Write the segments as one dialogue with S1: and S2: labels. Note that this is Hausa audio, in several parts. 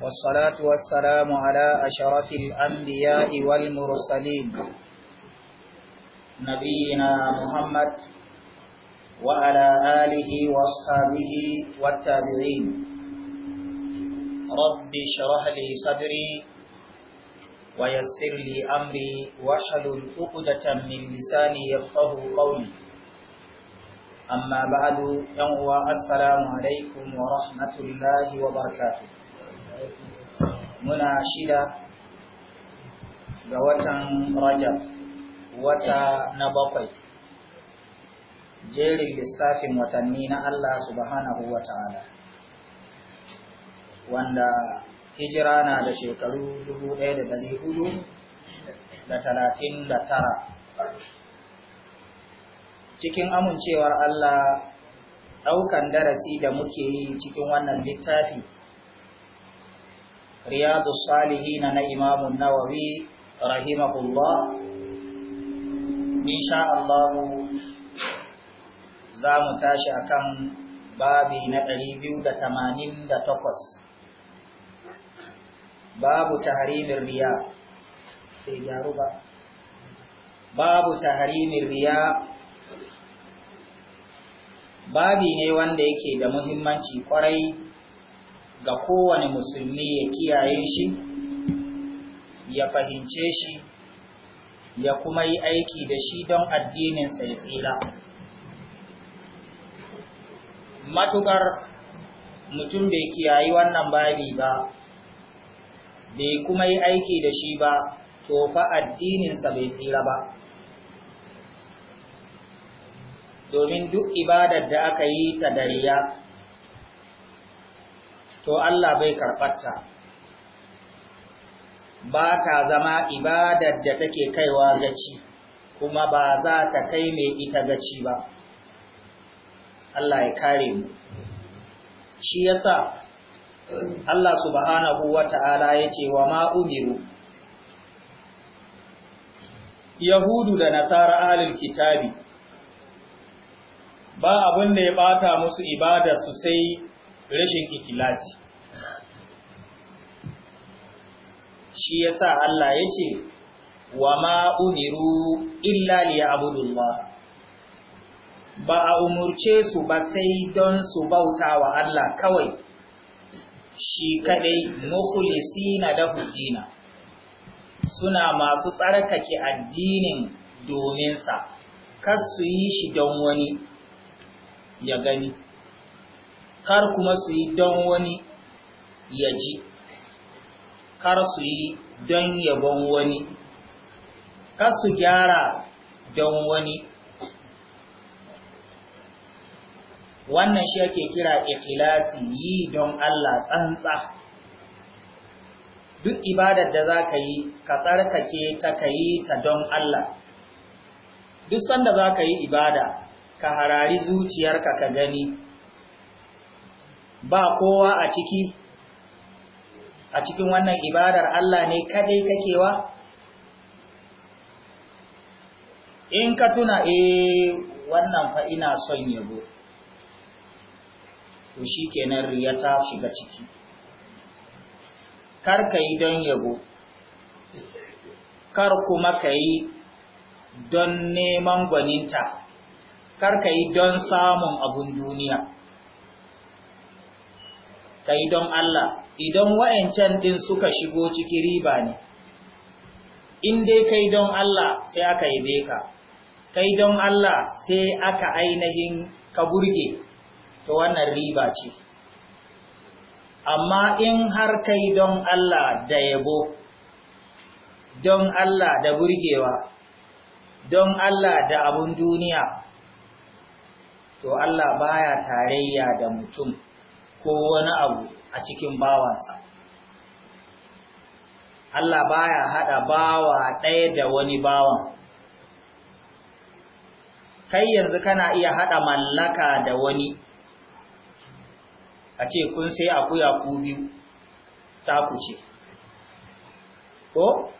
S1: والصلاة والسلام على أشرف الأنبياء والمرسلين نبينا محمد وعلى آله واصحابه والتابعين رب اشرح لي صدري ويسر لي أمري واحلل عقدة من لساني يفقه قولي أما بعد يوم السلام عليكم ورحمة الله وبركاته muna shida ga watan rajab wata na bakwai jerin lissafin watanni na Allah subhanahu wa ta'ala wanda hijira na da shekaru tara. cikin amincewar Allah ɗaukan darasi da muke yi cikin wannan littafi riyadu Salihi na imamun nawawi rahimahullah insha Allah za mu tashi akan babi na 288 babu tahrimir riya sai gyaru ba babu tahrimir riya babi ne wanda yake da muhimmanci kwarai ga kowane musulmi ya kiyaye shi ya fahimce shi ya kuma yi aiki da shi don addininsa ya tsira matukar mutum bai kiyayi wannan babi ba bai kuma yi aiki da shi ba to fa addininsa bai tsira ba domin duk ibadar da aka yi ta dariya to Allah bai karɓarta ba ta zama ibadar da take kaiwa gaci kuma ba za ta kai mai ita gaci ba Allah ya kare mu shi yasa Allah subhanahu wata'ala ce wa ma umiru yahudu da nasara alil kitabi ba abin da ya ɓata musu ibada su sai rashin ikilasi shi ya sa Allah ya ce wa ma'uniru umiru illa liya'budullah ba a umurce su ba sai don su bauta wa Allah kawai shi kadai mukhlisina da dina suna masu tsarkake addinin domin sa kar su yi shi don wani ya gani kar kuma su yi don wani ya ji kar su yi don yabon wani kar su gyara don wani wannan shi ake kira ikhlasi yi don Allah tsantsa duk ibadar da za ka yi ka tsarkake ta ka yi ta don Allah duk sanda za ka yi ibada ka harari zuciyarka ka gani ba kowa a ciki a cikin wannan ibadar Allah ne kadai kakewa in ka tuna eh wannan fa ina son yabo to shikenan riya ta shiga ciki kar ka yi don yabo kar kuma ka yi don neman gwaninta kar ka yi don samun abun duniya Kai don Allah idan wa'yancan ɗin suka shigo ciki riba ne in dai kai don Allah sai aka yi ka kai don Allah sai aka ainihin ka burge to wannan riba ce amma in har kai don Allah da yabo don Allah da burgewa don Allah da abun duniya to Allah baya tarayya da mutum ko wani abu a cikin bawansa. Allah baya haɗa bawa ɗaya da wani bawan. Kai yanzu kana iya haɗa mallaka da wani, a ce kun sai akuya ku biyu, ta ku ce, ko,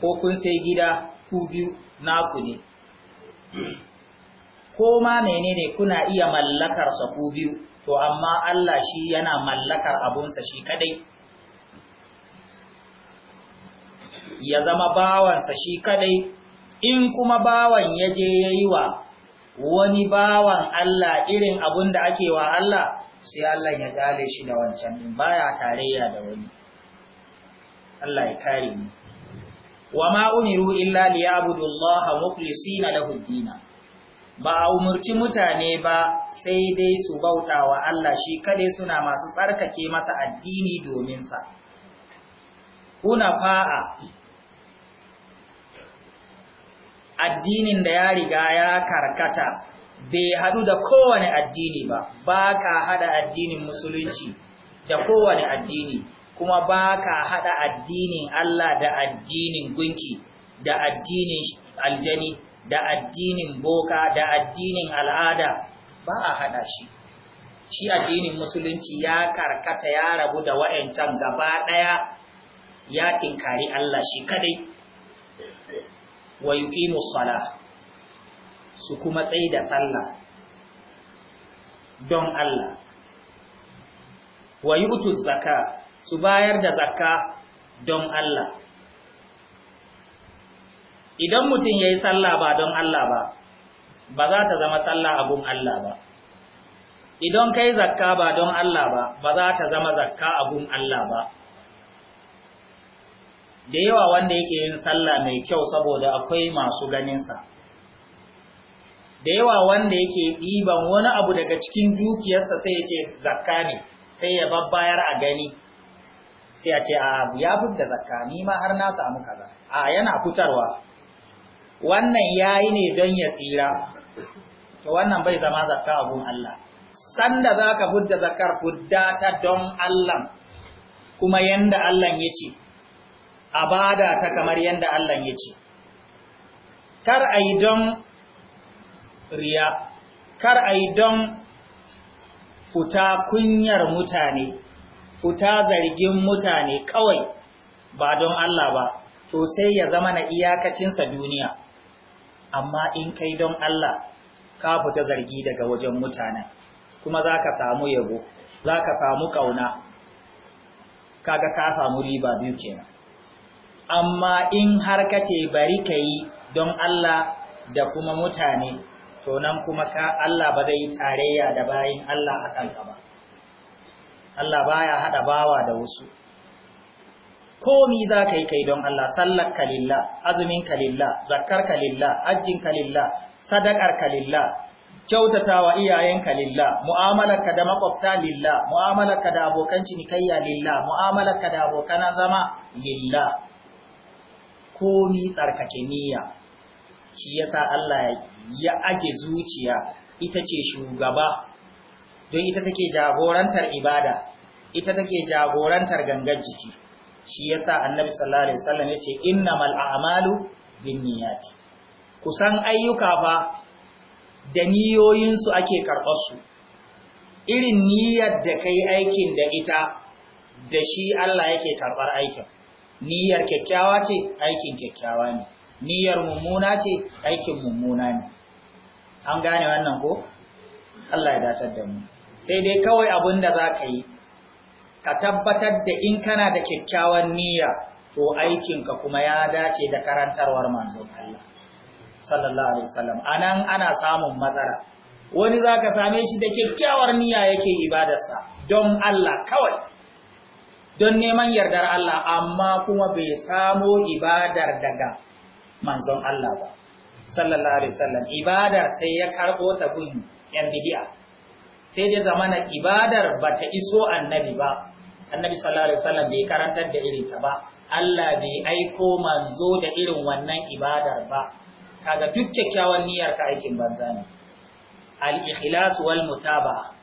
S1: ko kun sai gida ku biyu naku ne, ko ma menene kuna iya mallakarsa ku biyu. to amma Allah shi yana mallakar abunsa shi kadai ya zama bawansa shi kadai in kuma bawan ya je ya yi wa wani bawan Allah irin abun da ake wa Allah sai Allah ya gale shi da wancan din baya tarayya da wani Allah ya kare ni. wa ma umiru illa liya'budu Allah mukhlisina lahu ba a umarci mutane ba sai dai su bauta wa Allah shi kada suna masu tsarkake masa addini dominsa. Kuna fa'a addinin da ya riga ya karkata bai haɗu da kowane addini ba, ba ka haɗa addinin musulunci da kowane addini, kuma ba ka haɗa addinin Allah da addinin gunki da addinin aljani. da addinin boka da addinin al'ada ba a haɗa shi shi addinin musulunci ya karkata ya rabu da wa'yancan gaba ɗaya ya tinkari Allah shi kadai wa yuqimu salah su kuma tsayi da sallah don Allah wa yutu zakka su bayar da zakka don Allah idan mutum ya yi sallah ba don Allah ba ba za ta zama sallah abun Allah ba idan kai zakka ba don Allah ba ba za ta zama zakka abun Allah ba da yawa wanda yake yin sallah mai kyau saboda akwai masu ganinsa da yawa wanda yake ɗiban wani abu daga cikin dukiyarsa sai ya ce zakka ne sai ya babbayar a gani sai a ce a ya da zakka ni ma har na samu kaza a yana fitarwa wannan ya yi ne don ya tsira to wannan bai zama zakka abun Allah sanda za ka fudda zakar fudda ta don Allah kuma yanda Allah ya ce a bada ta kamar yanda Allah ya ce kar a yi don riya kar a yi don fita kunyar mutane fita zargin mutane kawai ba don Allah ba to sai ya zama na iyakacinsa duniya amma in kai don Allah ka fita zargi daga wajen mutane, kuma za ka samu yabo za ka samu kauna kaga ka samu riba biyu kenan amma in har kace bari ka yi don Allah da kuma mutane to nan kuma ka Allah ba zai tarayya da bayin Allah akan ka ba Allah baya hada bawa da wasu komi za ka yi kai don Allah sallar kalilla azumin kalilla zakkar kalilla ajjin kalilla sadakar kalilla kyautatawa iyayenka lilla mu'amalarka da makwabta lilla mu'amalarka da abokan cinikayya lilla mu'amalarka da abokan zama lilla komi tsarkake niyya shi yasa Allah ya aje zuciya ita ce shugaba don ita take jagorantar ibada ita take jagorantar gangar jiki shi yasa annabi sallallahu alaihi wasallam yace innamal a'malu binniyati kusan ayyuka fa da niyoyin ake karɓar su irin niyyar da kai aikin da ita da shi Allah yake karɓar aikin niyyar kyakkyawa ce aikin kyakkyawa ne niyyar mummuna ce aikin mummuna ne an gane wannan ko Allah ya datar da mu sai dai kawai abin da za ka yi ka tabbatar da in kana da kyakkyawan niyya to aikinka kuma ya dace da karantarwar manzon Allah sallallahu alaihi wasallam anan ana samun matsala wani zaka same shi da kyakkyawar niyya yake ibadarsa don Allah kawai don neman yardar Allah amma kuma bai samo ibadar daga manzon Allah ba sallallahu alaihi wasallam ibadar sai ya karbo ta gun yan bid'a sai dai zamana ibadar bata iso annabi ba annabi sallallahu alaihi wasallam bai karantar da irin ta ba Allah bai aiko manzo da irin wannan ibadar ba kaga duk kyakkyawan niyyar ka aikin banza ne al-ikhlas wal mutaba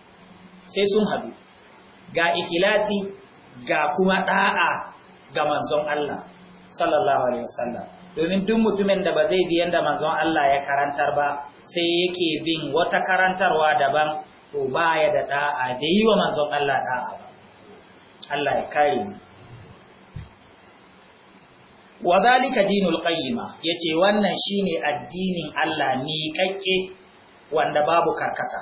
S1: sai sun hadu ga ikhlasi ga kuma da'a ga manzon Allah sallallahu alaihi wasallam domin duk mutumin da ba zai bi yanda manzon Allah ya karantar ba sai yake bin wata karantarwa daban to baya da da'a da yi wa manzon Allah da'a ba Allah ya kare mu wa zalika dinul qayyima yace wannan shine addinin Allah ni kakke wanda babu karkata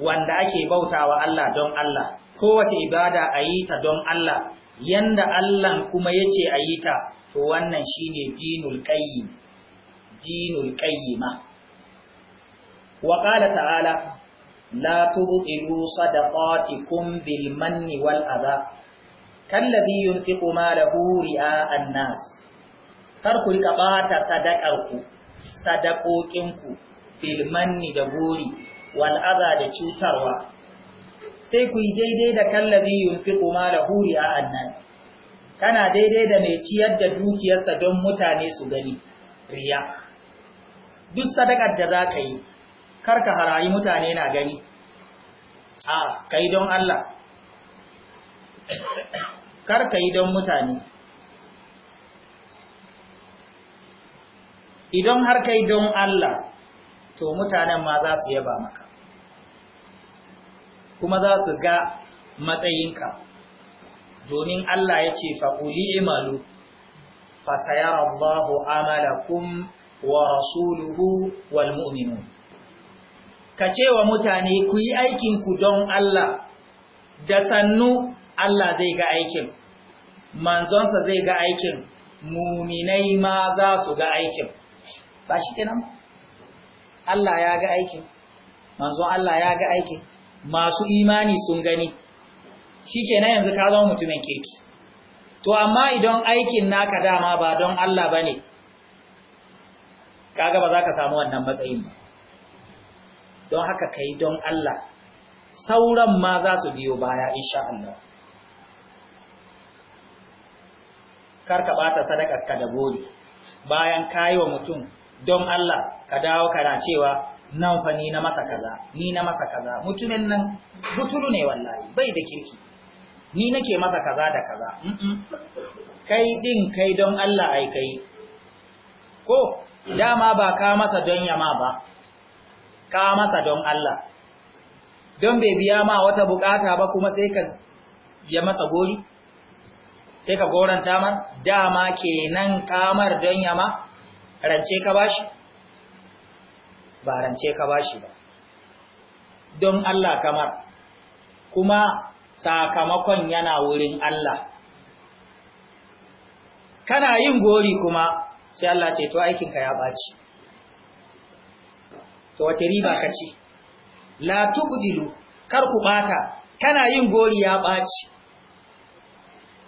S1: wanda ake bautawa Allah don Allah kowace ibada ayi ta don Allah yanda Allah kuma yace ayi ta to wannan shine dinul qayyim dinul qayyima wa qala ta'ala la tubtilu sadaqatikum bil manni wal adha kallazi yunfiqu malahu ri'a an-nas kar ku rika bata sadakarku sadakokinku bil da gori wal adha da cutarwa sai kuyi daidai da kallazi yunfiqu malahu ri'a an-nas kana daidai da mai ciyar da dukiyarsa don mutane su gani riya duk sadakar da za ka yi karka ka harayi mutane na gani a kai don Allah kar yi don mutane idan har kai don Allah to mutanen ma za su yaba maka kuma za su ga matsayinka domin Allah ya ce faƙuli imalu fasayar Allah amalakum wa rasuluhu wal mu'minun ka ce wa mutane ku yi aikinku don Allah da sannu Allah zai ga aikin manzonsa zai ga aikin muminai ma za su ga aikin ba shi kenan Allah ya ga aikin manzon Allah ya ga aikin masu imani sun gani shi kenan yanzu ka zama mutumin kirki to amma idan aikin naka dama ba don Allah ba ne kaga ba za ka samu wannan matsayin ba don haka ka yi don Allah sauran ma za su biyo baya insha Allah kar ka bata ka da gori bayan kayi wa mutum don Allah ka dawo kana cewa nan fa ni na masa kaza ni na masa kaza mutumin nan butulu ne wallahi bai da kirki ni nake masa kaza da kaza kai din kai don Allah ai kai ko dama ba ka masa don yama ba ka masa don Allah don bai biya ma wata bukata ba kuma sai ka ya masa gori sai ka goranta mar dama kenan kamar don yama rance ka bashi ba rance ka bashi ba don Allah kamar kuma sakamakon yana wurin Allah kana yin gori kuma sai Allah ce to aikinka ya baci to wace riba ka ce la tubdilu kar ku bata kana yin gori ya baci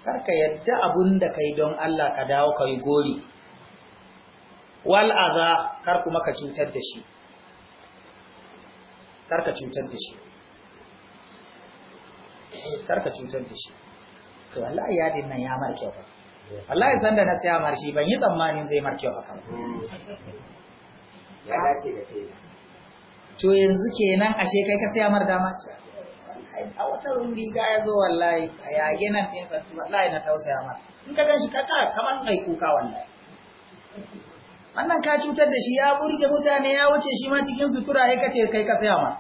S1: kar ka yadda abun da kai don Allah ka dawo ka yi gori wal aza kar kuma ka cutar da shi kar ka cutar da shi kar ka cutar da shi to Allah ya nan ya marke kyau Allah ya da na tsaya mar shi ban yi tsammanin zai marke kyau haka ya dace da kai to yanzu kenan ashe kai ka saya mar dama ce a wata riga ya zo wallahi a yage nan ɗinsa wallahi na tausaya mar in ka ganshi ka kaman kai kuka wallahi wannan ka cutar da shi ya burge mutane ya wuce shi ma cikin sutura ya kace kai ka saya mar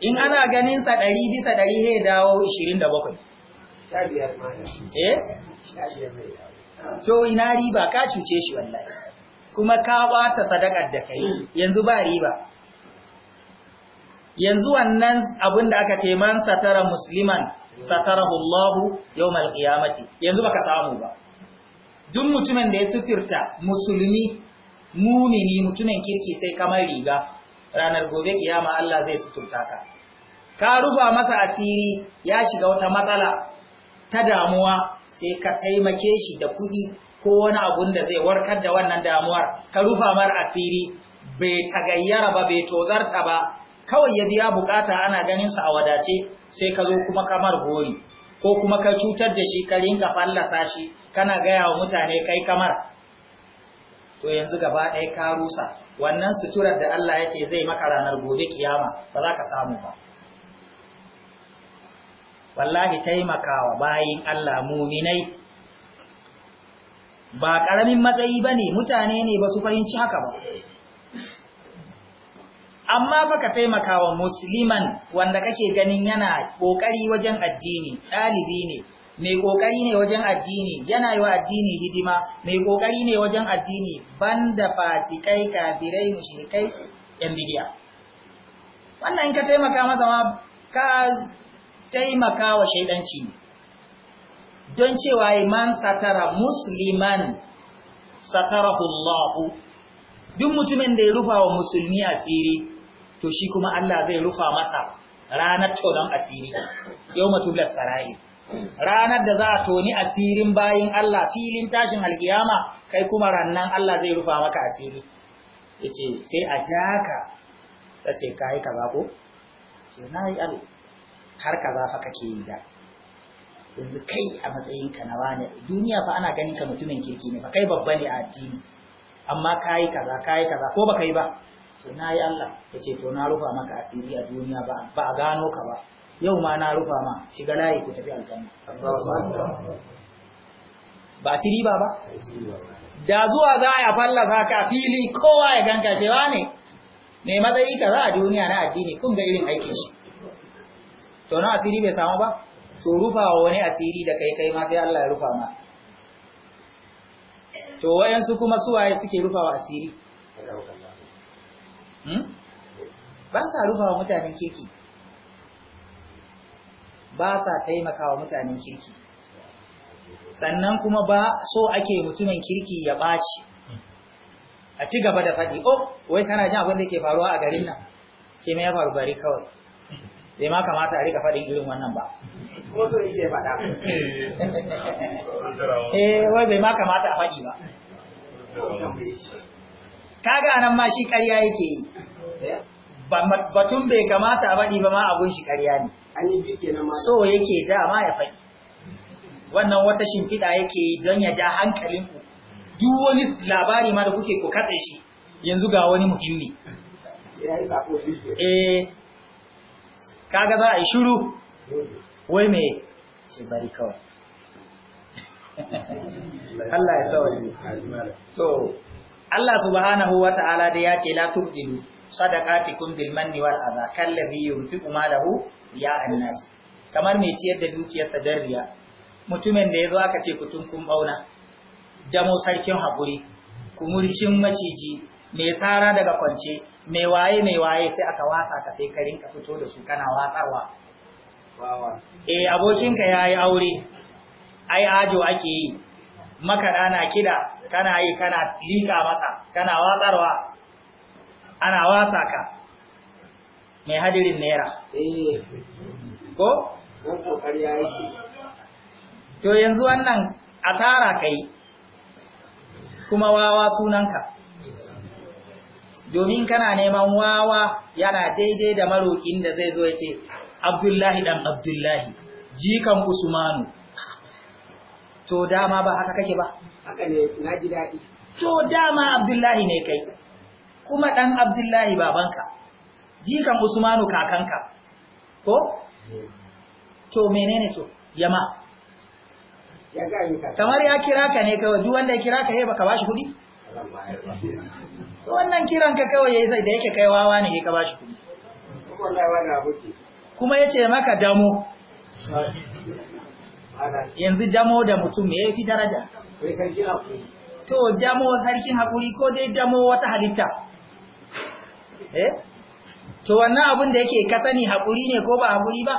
S1: in ana ganin sa ɗari bisa ɗari sai dawo ishirin da bakwai eh to ina riba ka cuce shi wallahi kuma ka bata sadakar da kai yanzu ba riba yanzu wannan abin da aka ce man satara musliman satarahu Allahu yawmal qiyamati yanzu baka samu ba duk mutumin da ya suturta musulmi mumini mutumin kirki sai kamar riga ranar gobe kiyama Allah zai suturta ka ka rufa masa asiri ya shiga wata matsala ta damuwa sai ka taimake shi da kuɗi ko wani abun da zai warkar da wannan damuwar ka rufa mar asiri bai tagayyara ba bai tozarta ba kawai ya biya bukata ana ganin sa a wadace sai ka zo kuma kamar gori ko kuma ka cutar da shi ka rinka fallasa shi kana gaya wa mutane kai kamar to yanzu gaba ɗaya ka rusa wannan suturar da Allah yake zai maka ranar gobe kiyama ba za ka samu ba wallahi taimakawa bayin Allah muminai ba ƙaramin matsayi bane mutane ne ba su fahimci haka ba amma baka taimaka wa musliman wanda kake ganin yana kokari wajen addini dalibi ne mai kokari ne wajen addini yana yi wa addini hidima mai kokari ne wajen addini banda fasikai kafirai mushrikai yan bidiya wannan ka taimaka masa ma ka taimaka wa shaidanci don cewa man satara musliman satarahu Allah duk mutumin da ya rufa wa musulmi asiri to shi kuma Allah zai rufa masa ranar tonon asiri yau matublar sarai ranar da za a toni asirin bayan Allah filin tashin alkiyama kai kuma rannan Allah zai rufa maka asiri ce sai a jaka tace kai kaza ko ce na yi abu har za fa kake yi da yanzu kai a matsayin ka na wane. duniya fa ana ganin ka mutumin kirki ne fa kai babba ne a addini amma kayi kaza kayi kaza ko baka yi ba ce na yi Allah ya ce to na rufa maka asiri a duniya ba a gano ka ba yau ma na rufa ma shiga layi ku tafi aljanna ba ci riba ba da zuwa za a fallasa ka fili kowa ya ganka cewa ne
S2: mai matsayi ka za a duniya
S1: na addini kun ga irin aikin shi to na asiri bai samu ba to rufa wa wani asiri da kai kai ma sai Allah ya rufa ma to wayansu kuma suwaye suke rufa wa asiri Hmm? ba sa rufa wa mutanen kirki ba sa taimaka wa mutanen kirki sannan kuma ba so ake mutumin kirki ya ɓaci a ci gaba da faɗi oh wai kana jin abin da ke faruwa a garin nan ce mai ya faru bari kawai bai ma kamata a rika faɗin irin wannan ba so eh wai bai ma kamata a faɗi ba kaga anan ma shi ƙarya yake yi Eh? batun bai kamata a faɗi ba ma abun shi ƙarya ne so yake dama ya faɗi wannan wata shimfiɗa yake don ya ja hankalinku duk wani labari ma da kuke ku katse shi yanzu ga wani muhimmi eh kaga za a yi shiru wai me ce bari kawai Allah ya sauri. to Allah subhanahu wata'ala da ya ce la tubdilu sadaqatikum bil manni wal adha kallazi yunfiqu malahu ya annas kamar me ciyar da dukiyarsa sadariya. riya mutumin da yazo aka ce kutunkun bauna damo sarkin hakuri kumurcin maciji mai tsara daga kwance mai waye mai waye sai aka wasa ka sai ka fito da su kana watsarwa eh abokinka yayi aure ai ajo ake yi makaɗa na kida kana yi kana lika masa kana watsarwa ana wasa ka mai hadirin naira ko? to yanzu wannan asara kai kuma wawa sunanka domin kana neman wawa yana daidai da marokin da zai zo ya ce abdullahi dan abdullahi jikan usmanu to dama ba haka kake ba haka ne na ji daɗi to dama abdullahi ne kai kuma ɗan abdullahi babanka jikan usmanu kakanka ko to menene to yama kamar ya kira ka ne kawai duk wanda ya kira ka yai baka bashi kuɗi wannan kiran ka kawai yayi da yake kai wawa ne ka bashi kuɗi kuma yace maka damo yanzu damo da mutum me yafi daraja to damo sarkin hakuri ko dai damo wata halitta to wannan abin da yake ka sani haƙuri ne ko ba haƙuri ba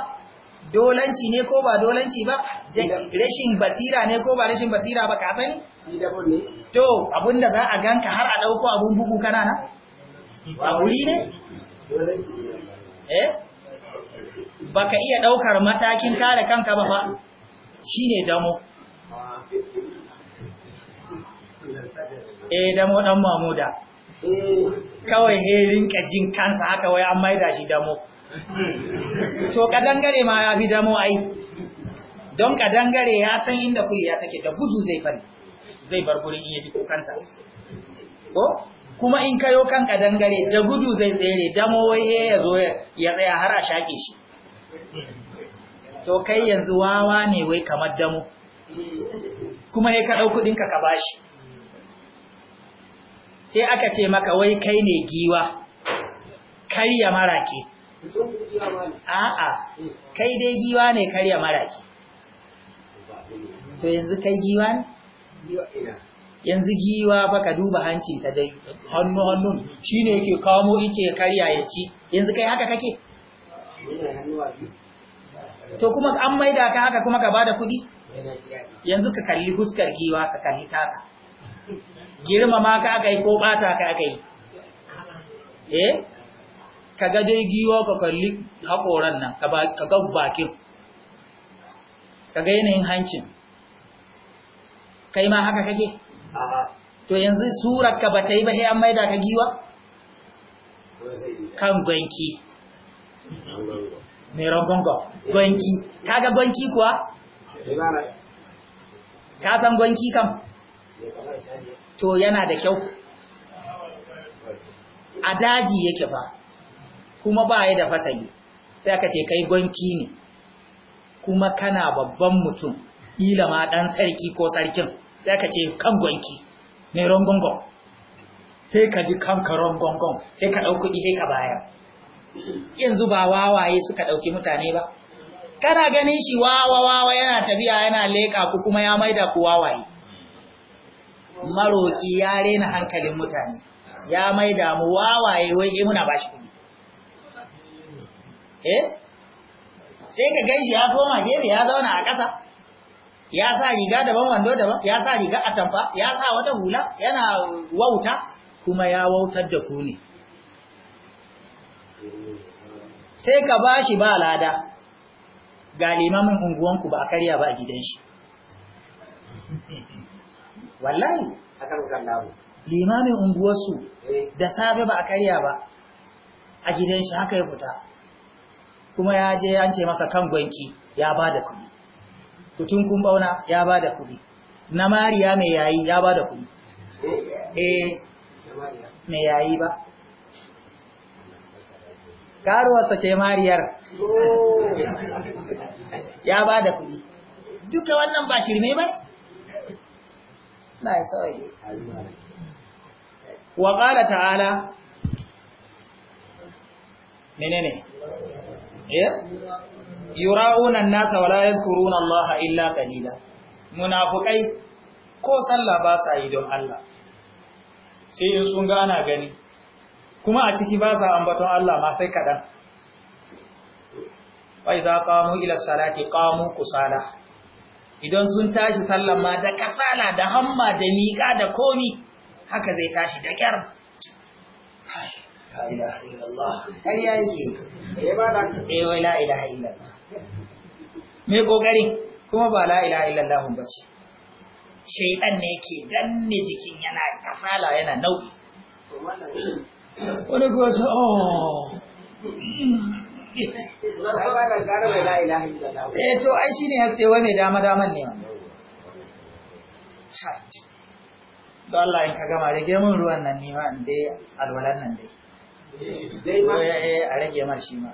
S1: dolanci ne ko ba dolanci ba rashin basira ne ko ba rashin basira ba ka sani to abin da za a ganka har a ɗauko abin bugu kana na haƙuri ne eh ba ka iya ɗaukar matakin kare kanka ba ba? shi ne damo eh damo ɗan mamuda kawai herin kajin kansa haka wai an maida shi damo to kadangare ma ya fi damo ai don kadangare ya san inda kuliya take da gudu zai fari zai bar gurin iya ji kukansa ko kuma in kayo kan kadangare da gudu zai tsere damo wai he ya zo ya tsaya har a shaƙe shi to kai yanzu wawa ne wai kamar damo kuma he ka ɗau kuɗinka ka bashi sai aka ce maka wai kai ne giwa karya maraki a'a kai dai giwa ne karya maraki to yanzu kai giwa ne yanzu giwa baka ka duba hanci ta dai hannu hannun shine yake kamo yake karya ya ci yanzu kai haka kake to kuma an maida ka haka kuma ka bada kuɗi yanzu ka kalli huskar giwa ka kalli taka girmama ka aka yi ko bata ka aka yi eh ka ga dai giwo ka kalli haƙoran nan ka ga bakin ka ga yanayin hancin kai ma haka kake to yanzu surar ka ta yi ba sai an maida ka giwa kan gwanki mai rangongo gwanki kaga gwanki kuwa ka san gwanki kam to yana da kyau a daji yake ba kuma ba ya da fasali sai aka ce kai gwanki ne kuma kana babban mutum ila ma dan sarki ko sarkin sai aka ce kan gwanki mai rongongon sai ka ji kanka rongongon sai ka ɗauki kuɗi sai ka baya. yanzu ba wawaye suka ɗauki mutane ba kana ganin shi wawa wawa yana tafiya yana leƙa ku kuma ya maida ku wawaye maroƙi ya rena hankalin mutane ya mai damu wawaye wai eh muna bashi kuɗi eh sai ka gaishe ya koma gefe ya zauna a ƙasa ya sa riga daban wando daban ya sa riga a tamfa, ya sa wata hula yana wauta kuma ya wautar da ku ne sai ka bashi ba lada ga limamin unguwanku ba a karya ba a gidan shi wallahi akan namu limamin unguwarsu eh. da safe ba a karya ba a gidan shi haka ya fita kuma ya je an ce masa kan gwanki ya ba da kuɗi kutun kun bauna ya ba da kuɗi na mariya mai yayi ya ba da kuɗi eh, eh. mai yayi ba karuwarsa ce mariyar oh. ya ba da kuɗi duka wannan ba shirme ba Allah ya sauke wa qala ta'ala mene ne? Eh? yura'una an-nasa wa la yadhkuruna Allah illa qalila munafiqai ko sallah ba sa yi don Allah sai in sun gana gani kuma a ciki ba sa ambaton Allah ma sai kaɗan. wa za qamu ila salati ku kusala idan sun tashi sallan ma da kasala da hamma da miƙa da komi haka zai tashi da ƙyar ƙarya mai eh, eh, kuma ba la ilaha ba ce shaiɗan ne ke danne jikin yana kasala yana nau'i wani kuwa oh eh to ai shine hatsewa mai dama daman ne wannan don Allah in ka gama rage mun ruwan nan ne in dai alwalan nan dai eh, a rage mar shi ma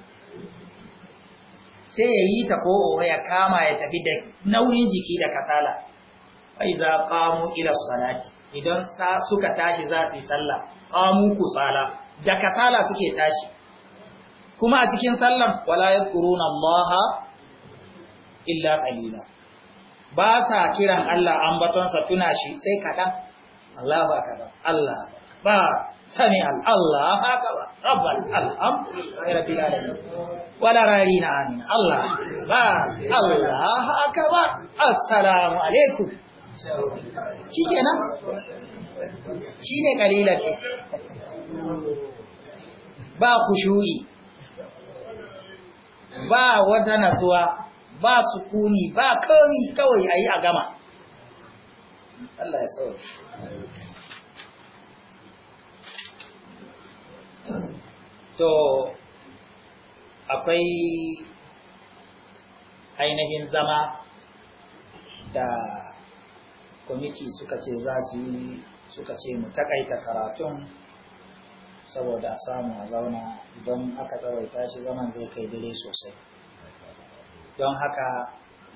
S1: sai ya yi ta ko ya kama ya tafi da nauyin jiki da kasala ai za qamu ila salati idan suka tashi za su yi sallah ku kusala da kasala suke tashi kuma a cikin sallan wala yadhkuruna allaha illa qalila ba sa kiran Allah ambatonsa tuna shi sai kaɗan Allahu akbar Allah ba sami Allah ba rabbal alham rabbil alamin wala na amina Allah ba Allah haka ba assalamu alaikum shikenan shine kalilan ba khushu'i ba wata natsuwa ba sukuni ba kawai kawai ayi a gama Allah ya to akwai ainihin zama da kwamiti suka ce za su yi suka ce mu takaita karatun saboda a samu a zauna don aka tsawaita shi zaman zai kai dare sosai don haka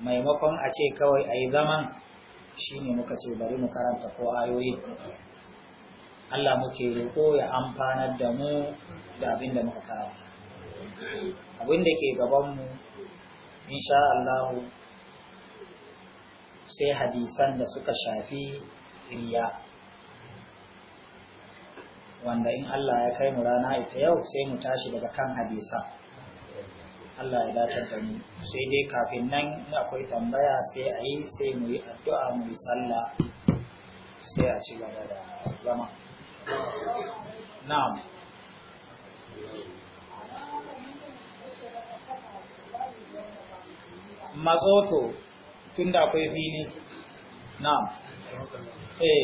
S1: maimakon a ce kawai a yi zaman shi ne muka ce bari mu karanta ko ayoyi Allah muke roƙo ya amfanar da mu da abin da muka karanta abin da ke gabanmu insha Allah sai hadisan da suka shafi riya wanda in Allah ya kai mu rana ita yau sai mu tashi daga kan hadisa Allah ya dace da mu sai dai kafin nan akwai tambaya sai a yi sai mu yi addu'a mu yi sallah sai a ci gaba da zama na'am matsoto da akwai fili na'am eh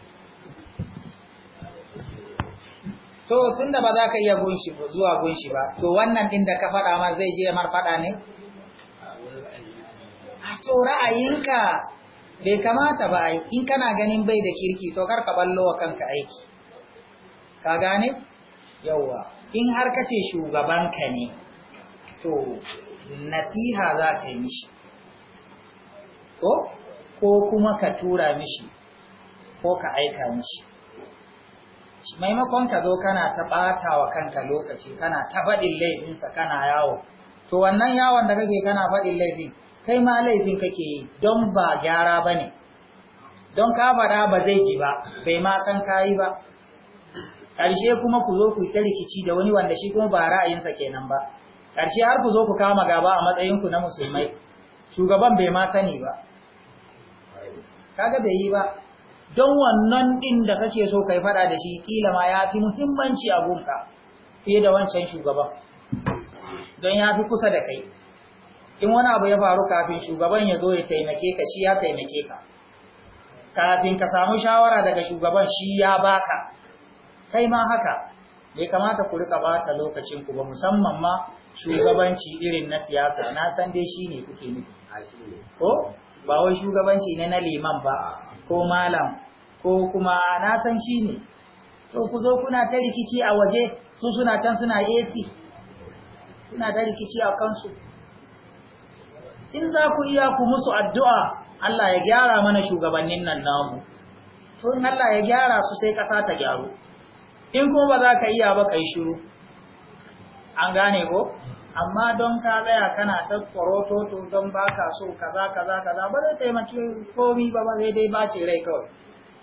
S1: to tunda ba za ka iya gunshi zuwa gunshi ba to wannan din da ka faɗa mar zai je mar faɗa ne a ah, to ra'ayinka bai kamata ba in kana ganin bai da kirki to kar ka ballo wa kanka aiki ka gane yawwa in har ka ce shugabanka ne to nasiha za ka yi mishi ko ko kuma ka tura mishi ko ka aika mishi maimakon ka zo kana ta bata wa kanka lokaci kana ta faɗin laifinsa kana yawo to wannan yawon da kake kana faɗin laifin kai ma laifin kake yi don ba gyara ba ne don ka faɗa ba zai ji ba bai ma san kayi ba ƙarshe kuma ku zo ku yi ta rikici da wani wanda shi kuma ba ra'ayinsa kenan ba ƙarshe har ku zo ku kama gaba a matsayinku na musulmai shugaban bai ma sani ba kaga bai yi ba don wannan ɗin da kake so kai fada da shi ƙila ma ya fi muhimmanci a gunka fiye da wancan shugaban don ya fi kusa da kai in wani abu ya faru kafin shugaban ya zo ya taimake ka shi ya taimake ka kafin ka samu shawara daga shugaban shi ya baka kai ma haka bai kamata ku rika bata lokacin ku ba musamman ma shugabanci irin na siyasa na san dai shine kuke nufi ko ba wai shugabanci ne na liman ba ko malam ko kuma na san shi ne to ku zo kuna ta rikici a waje su suna can suna AC suna ta rikici a kansu in za ku iya ku musu addu'a Allah ya gyara mana shugabannin nan namu to in Allah ya gyara su sai ƙasa ta gyaru in kuma ba za ka iya ba kai shiru an gane ko amma don ka tsaya kana ta kwaro don ba ka so kaza kaza kaza ba zai taimaki komi ba ba dai ba ce rai kawai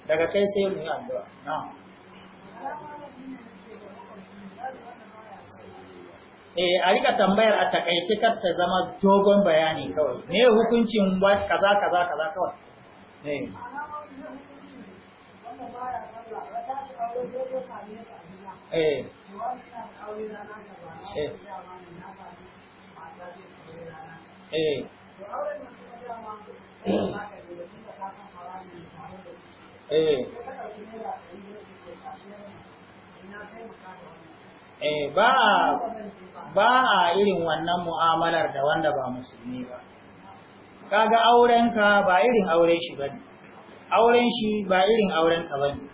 S1: daga kai sai mu yi addu'a na eh a rika tambayar a takaice kar ta zama dogon bayani kawai me hukuncin kaza kaza kaza kawai eh eh eh Eh. Eh. Eh, ba a irin wannan mu'amalar da wanda ba musulmi ba kaga aurenka ba irin auren shi bane auren shi ba irin aurenka bane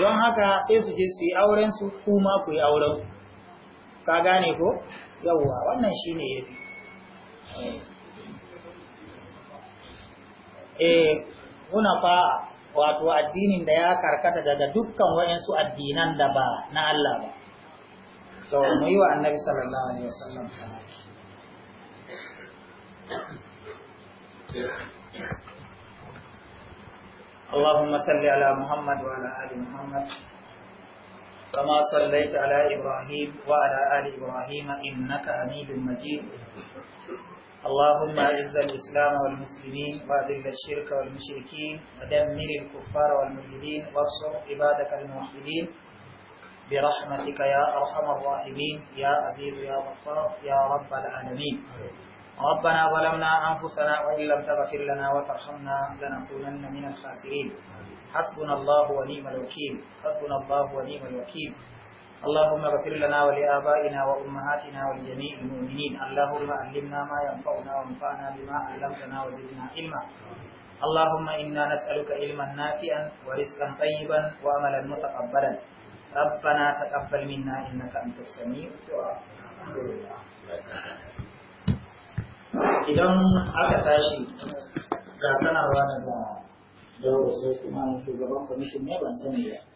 S1: don haka sai su je su yi auren kuma ku yi auren ka gane ko yawwa wannan shine yafi eh una fa wato addinin da ya karkata daga dukkan wayansu addinan da ba na Allah ba so mai wa annabi sallallahu alaihi wasallam Allahumma salli ala Muhammad wa ala ali Muhammad kama sallaita ala Ibrahim wa ala ali Ibrahim innaka Hamidum Majid اللهم اعز الاسلام والمسلمين واذل الشرك والمشركين ودمر الكفار والمجرمين وابصر عبادك الموحدين برحمتك يا ارحم الراحمين يا عزيز يا غفار يا رب العالمين ربنا ظلمنا انفسنا وان لم تغفر لنا وترحمنا لنكونن من الخاسرين حسبنا الله ونعم الوكيل حسبنا الله ونعم الوكيل اللهم اغفر لنا ولآبائنا وأمهاتنا ولجميع المؤمنين اللهم علمنا ما ينفعنا وانفعنا بما علمتنا وزدنا علما اللهم إنا نسألك علما نافعا ورزقا طيبا وعملا متقبلا ربنا تقبل منا إنك أنت السميع الدعاء idan aka tashi ga sanarwa daga daura sai kuma shugaban kwamishin ne ban sani ba